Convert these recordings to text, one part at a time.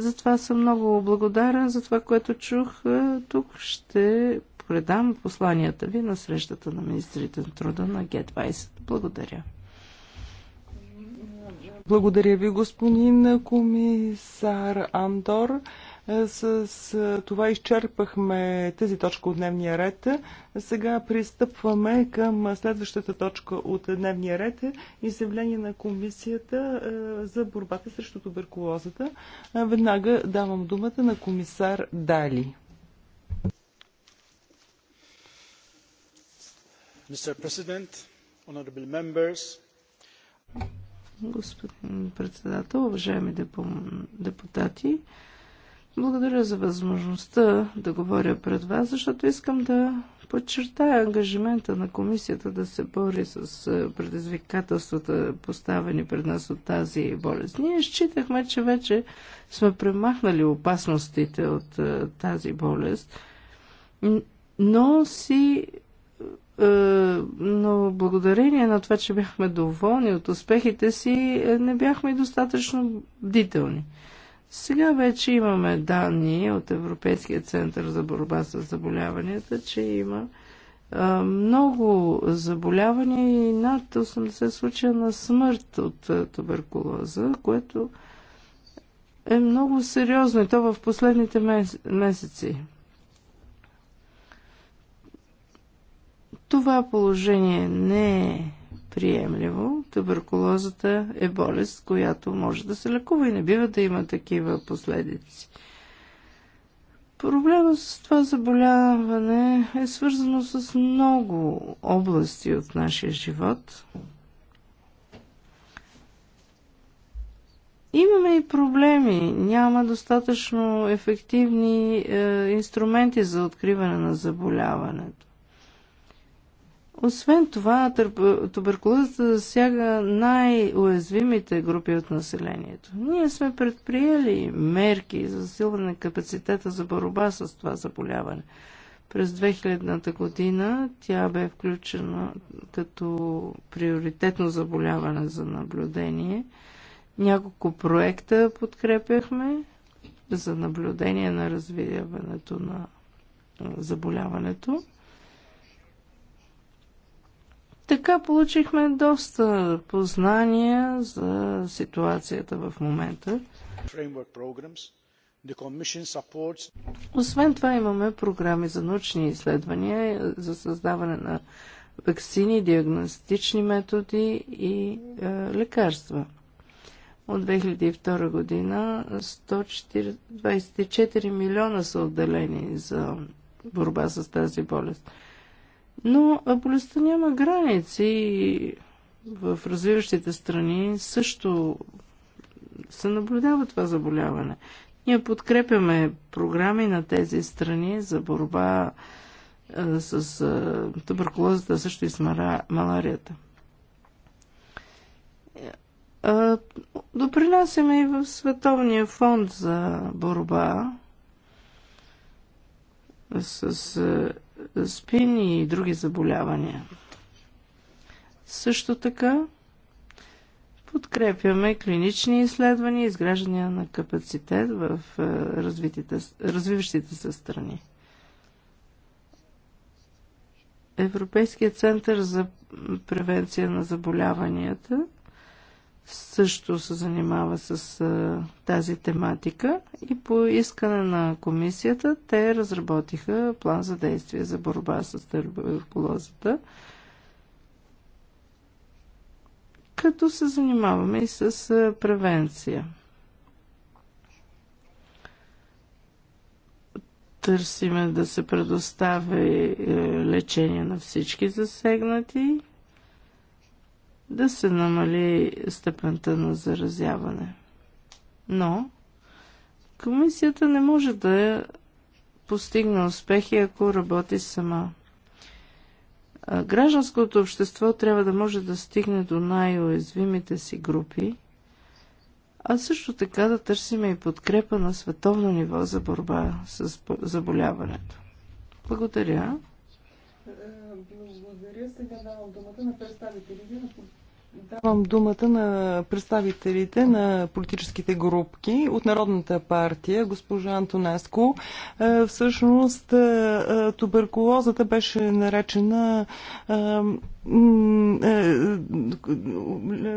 Затова съм много благодарен за това, което чух. Е, тук ще предам посланията ви на срещата на министрите на труда на Г20. Благодаря. Благодаря ви, господин комисар Андор. С това изчерпахме тази точка от дневния ред. Сега пристъпваме към следващата точка от дневния ред изявление на комисията е, за борбата срещу туберкулозата. Е, веднага давам думата на комисар Дали. Мистер President, honorable members, Господин председател, уважаеми депутати, благодаря за възможността да говоря пред вас, защото искам да подчертая ангажимента на комисията да се бори с е, предизвикателствата, поставени пред нас от тази болест. Ние считахме, че вече сме премахнали опасностите от е, тази болест, но си е, но благодарение на това, че бяхме доволни от успехите си, не бяхме достатъчно бдителни. Сега вече имаме данни от Европейския център за борба с заболяванията, че има много заболявания и над 80 случая на смърт от туберкулоза, което е много сериозно и то в последните месеци. Това положение не е приемливо туберкулозата е болест, която може да се лекува и не бива да има такива последици. Проблема с това заболяване е свързано с много области от нашия живот. Имаме и проблеми. Няма достатъчно ефективни е, инструменти за откриване на заболяването. Освен това, туберкулозата засяга най-уязвимите групи от населението. Ние сме предприели мерки за засилване на капацитета за борба с това заболяване. През 2000-та година тя бе включена като приоритетно заболяване за наблюдение. Няколко проекта подкрепяхме за наблюдение на развиването на заболяването. Така получихме доста познания за ситуацията в момента. Освен това имаме програми за научни изследвания, за създаване на вакцини, диагностични методи и е, лекарства. От 2002 година 124 милиона са отделени за борба с тази болест. Но болестта няма граници и в развиващите страни също се наблюдава това заболяване. Ние подкрепяме програми на тези страни за борба с туберкулозата, също и с маларията. допринасяме и в Световния фонд за борба с спин и други заболявания. Също така подкрепяме клинични изследвания и изграждане на капацитет в е, развиващите се страни. Европейският център за превенция на заболяванията – също се занимава с а, тази тематика и по искане на комисията те разработиха план за действие за борба с туберкулозата, като се занимаваме и с а, превенция. Търсиме да се предостави е, лечение на всички засегнати да се намали степента на заразяване. Но комисията не може да постигне успехи, ако работи сама. Гражданското общество трябва да може да стигне до най-уязвимите си групи, а също така да търсиме и подкрепа на световно ниво за борба с заболяването. Благодаря. Благодаря. Сега давам думата на представителите на Давам думата на представителите на политическите групки от Народната партия, госпожа Антонеско. Е, всъщност е, е, туберкулозата беше наречена е,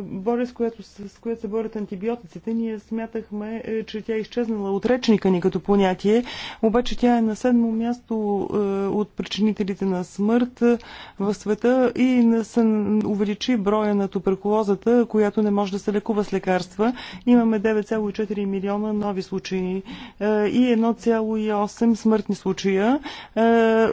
Болест, с която, с която се борят антибиотиците, ние смятахме, е, че тя е изчезнала от речника ни като понятие, обаче тя е на седмо място е, от причинителите на смърт в света и не се увеличи броя на туберкулозата, която не може да се лекува с лекарства. Имаме 9,4 милиона нови случаи и 1,8 смъртни случая.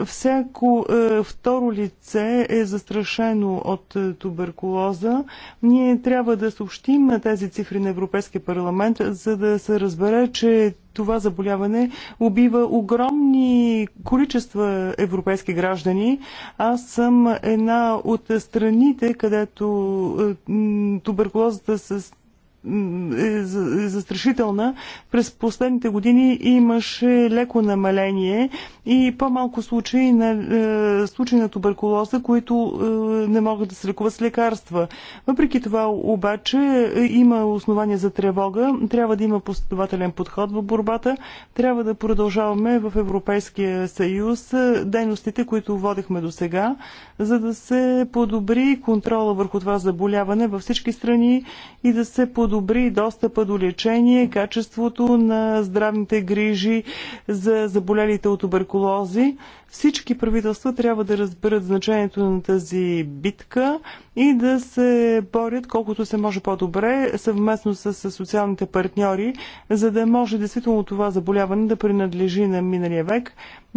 Всяко второ лице е застрашено умряно от е, туберкулоза. Ние трябва да съобщим тези цифри на Европейския парламент, за да се разбере, че това заболяване убива огромни количества европейски граждани. Аз съм една от страните, където е, туберкулозата с е, е застрашителна. През последните години имаше леко намаление и по-малко случаи на, е, случаи на туберкулоза, които е, не могат да се лекуват с лекарства. Въпреки това обаче има основания за тревога. Трябва да има последователен подход в борбата. Трябва да продължаваме в Европейския съюз дейностите, които водихме до сега, за да се подобри контрола върху това заболяване във всички страни и да се подобри подобри достъпа до лечение, качеството на здравните грижи за заболелите от туберкулози. Всички правителства трябва да разберат значението на тази битка и да се борят колкото се може по-добре съвместно с социалните партньори, за да може действително това заболяване да принадлежи на миналия век.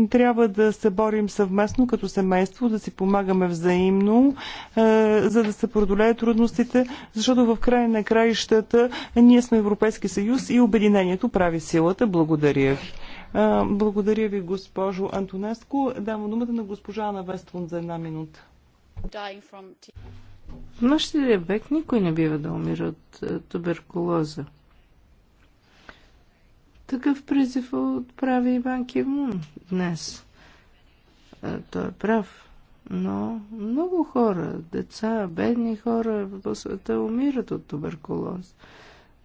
Трябва да се борим съвместно като семейство, да си помагаме взаимно, е, за да се продолеят трудностите, защото в край на краищата ние сме Европейски съюз и обединението прави силата. Благодаря ви. Благодаря ви, госпожо Антонеско. Давам думата на госпожа Ана Вестлун за една минута. В нашия век никой не бива да умира от туберкулоза. Такъв призив отправи Иван Бан Кимун днес. Той е прав. Но много хора, деца, бедни хора по света умират от туберкулоза.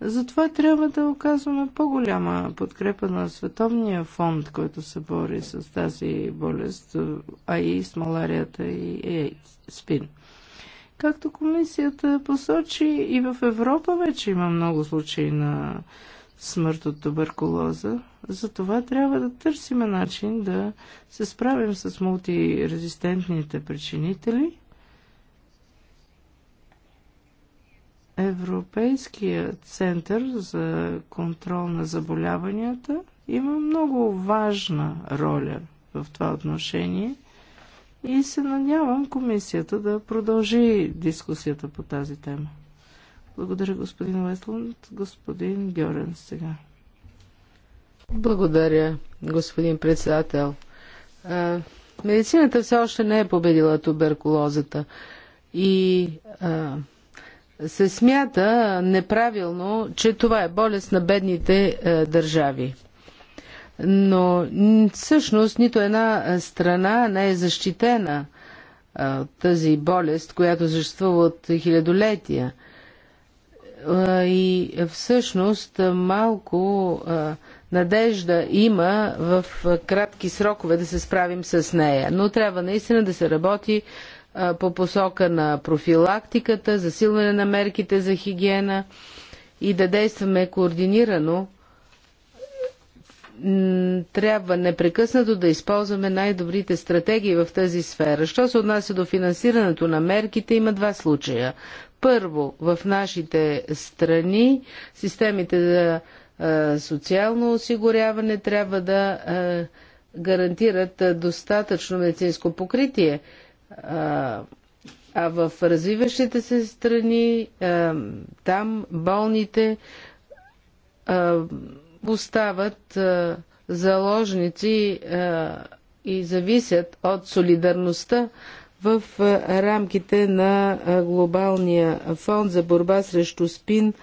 Затова трябва да оказваме по-голяма подкрепа на Световния фонд, който се бори с тази болест, а и с маларията и спин. Както комисията посочи, и в Европа вече има много случаи на смърт от туберкулоза. Затова трябва да търсим начин да се справим с мултирезистентните причинители – Европейския център за контрол на заболяванията има много важна роля в това отношение и се надявам комисията да продължи дискусията по тази тема. Благодаря господин Уестланд, господин Георен сега. Благодаря, господин председател. Медицината все още не е победила туберкулозата и се смята неправилно, че това е болест на бедните е, държави. Но всъщност нито една е, страна не е защитена е, от тази болест, която съществува от хилядолетия. И всъщност малко надежда има в кратки срокове да се справим с нея. Но трябва наистина да се работи по посока на профилактиката, засилване на мерките за хигиена и да действаме координирано, трябва непрекъснато да използваме най-добрите стратегии в тази сфера. Що се отнася до финансирането на мерките, има два случая. Първо, в нашите страни системите за социално осигуряване трябва да гарантират достатъчно медицинско покритие а, в развиващите се страни, а, там болните а, остават а, заложници а, и зависят от солидарността в рамките на глобалния фонд за борба срещу спин,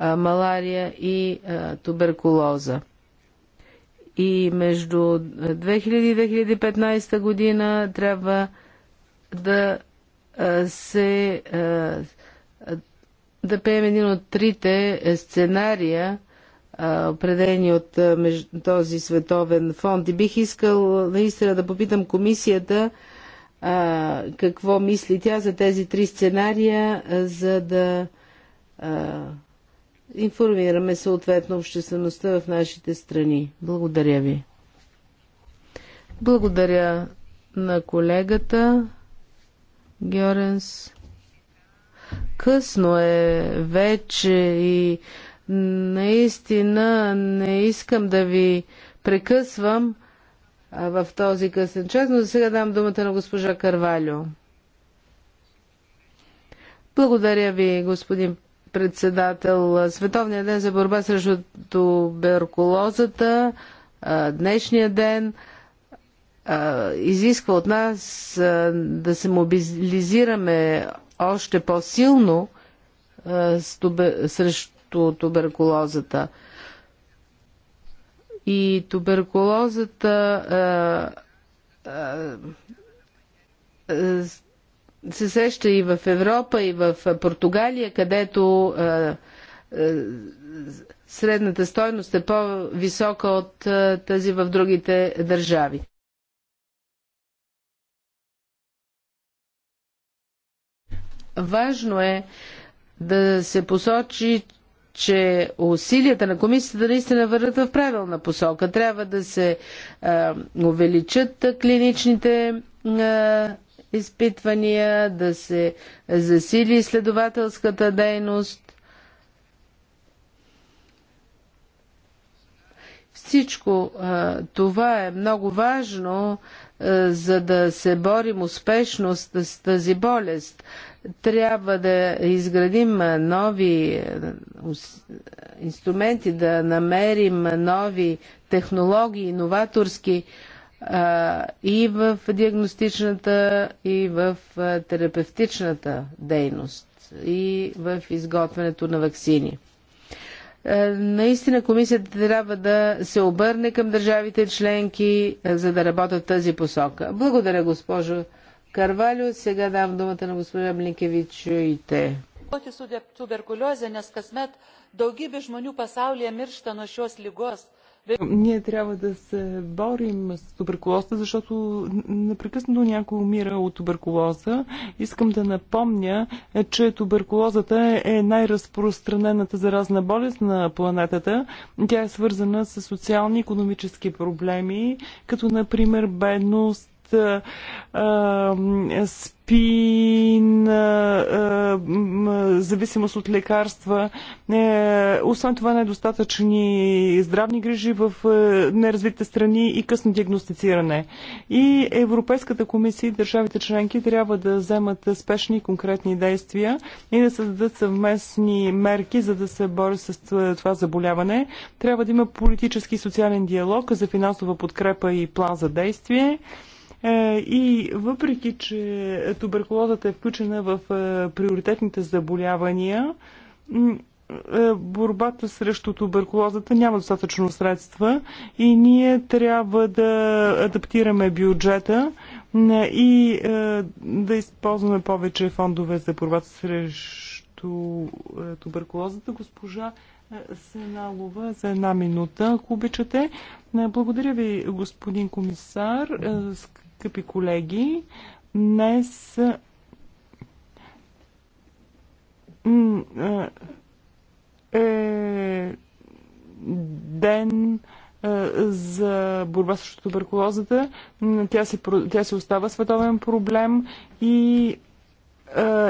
малария и туберкулоза. И между 2000 и 2015 година трябва да се да пеем един от трите е, сценария, определени от този световен фонд. И бих искал наистина да попитам комисията какво мисли тя за тези три сценария, за да информираме съответно обществеността в нашите страни. Благодаря ви. Благодаря на колегата. Георенс. Късно е вече и наистина не искам да ви прекъсвам в този късен час, но за сега дам думата на госпожа Карвалю. Благодаря ви, господин председател. Световния ден за борба срещу туберкулозата, днешния ден – изисква от нас да се мобилизираме още по-силно срещу туберкулозата. И туберкулозата се сеща и в Европа, и в Португалия, където средната стойност е по-висока от тази в другите държави. Важно е да се посочи, че усилията на комисията наистина върват в правилна посока. Трябва да се а, увеличат клиничните а, изпитвания, да се засили изследователската дейност. Всичко а, това е много важно, а, за да се борим успешно с тази болест. Трябва да изградим нови е, инструменти, да намерим нови технологии, иноваторски е, и в диагностичната, и в е, терапевтичната дейност, и в изготвянето на вакцини. Наистина комисията трябва да се обърне към държавите членки, за да работят в тази посока. Благодаря, госпожо Карвалио. Сега дам думата на госпожа Блинкевич и те. su tuberkuliozė, nes kasmet daugybė žmonių pasaulyje miršta nuo šios Ние трябва да се борим с туберкулоза, защото непрекъснато някой умира от туберкулоза. Искам да напомня, че туберкулозата е най-разпространената заразна болест на планетата. Тя е свързана с социални и економически проблеми, като например бедност, спин, зависимост от лекарства. Е, освен това недостатъчни здравни грижи в е, неразвитите страни и късно диагностициране. И Европейската комисия и държавите членки трябва да вземат спешни и конкретни действия и да създадат съвместни мерки, за да се бори с това заболяване. Трябва да има политически и социален диалог за финансова подкрепа и план за действие. Е, и въпреки, че туберкулозата е включена в е, приоритетните заболявания, е, борбата срещу туберкулозата няма достатъчно средства и ние трябва да адаптираме бюджета и да използваме повече фондове за борбата срещу туберкулозата. Госпожа Сеналова за една минута, ако обичате. Благодаря ви, господин комисар скъпи колеги, днес е ден за борба с туберкулозата. Тя се, тя се остава световен проблем и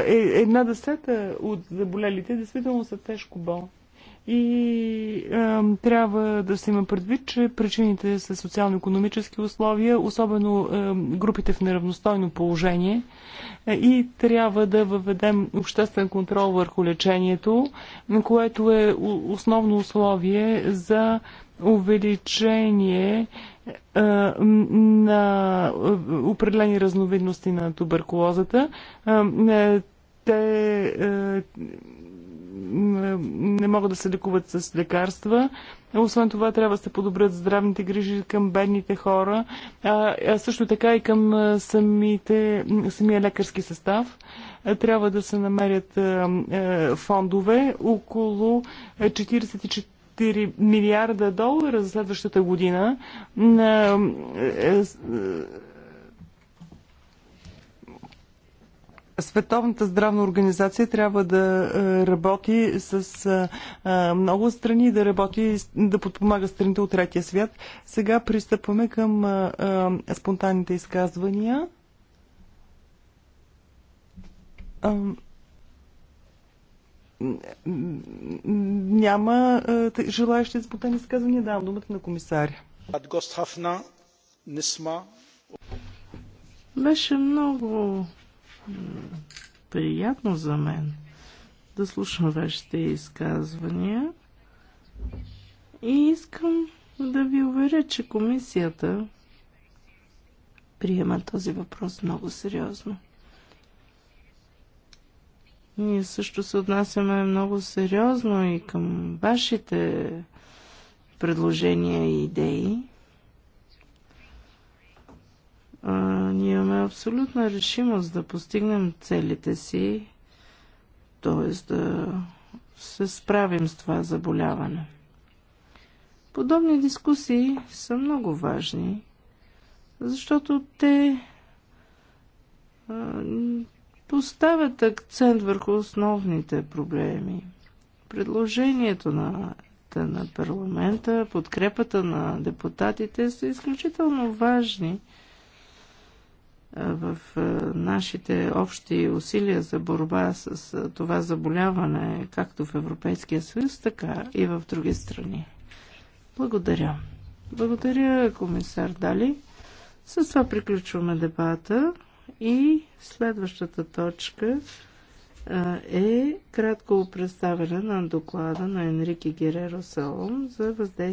е една десета от заболелите действително са тежко болни. И е, трябва да се има предвид, че причините са социално-економически условия, особено е, групите в неравностойно положение. Е, и трябва да въведем обществен контрол върху лечението, което е основно условие за увеличение на определени разновидности на туберкулозата. Е, те е, не могат да се лекуват с лекарства. Освен това, трябва да се подобрят здравните грижи към бедните хора, а също така и към самите, самия лекарски състав. Трябва да се намерят фондове около 44 4 милиарда долара за следващата година на. Световната здравна организация трябва да е, работи с е, е, много страни, да работи, да подпомага страните от третия свят. Сега пристъпваме към спонтанните изказвания. Няма желаящи спонтанни изказвания. Давам думата на комисаря. Беше много приятно за мен да слушам вашите изказвания и искам да ви уверя, че комисията приема този въпрос много сериозно. Ние също се отнасяме много сериозно и към вашите предложения и идеи а, ние имаме абсолютна решимост да постигнем целите си, т.е. да се справим с това заболяване. Подобни дискусии са много важни, защото те а, поставят акцент върху основните проблеми. Предложението на на парламента, подкрепата на депутатите са изключително важни – в нашите общи усилия за борба с това заболяване, както в Европейския съюз, така и в други страни. Благодаря. Благодаря, комисар Дали. С това приключваме дебата и следващата точка е кратко представяне на доклада на Енрике Гереро Салом за въздействие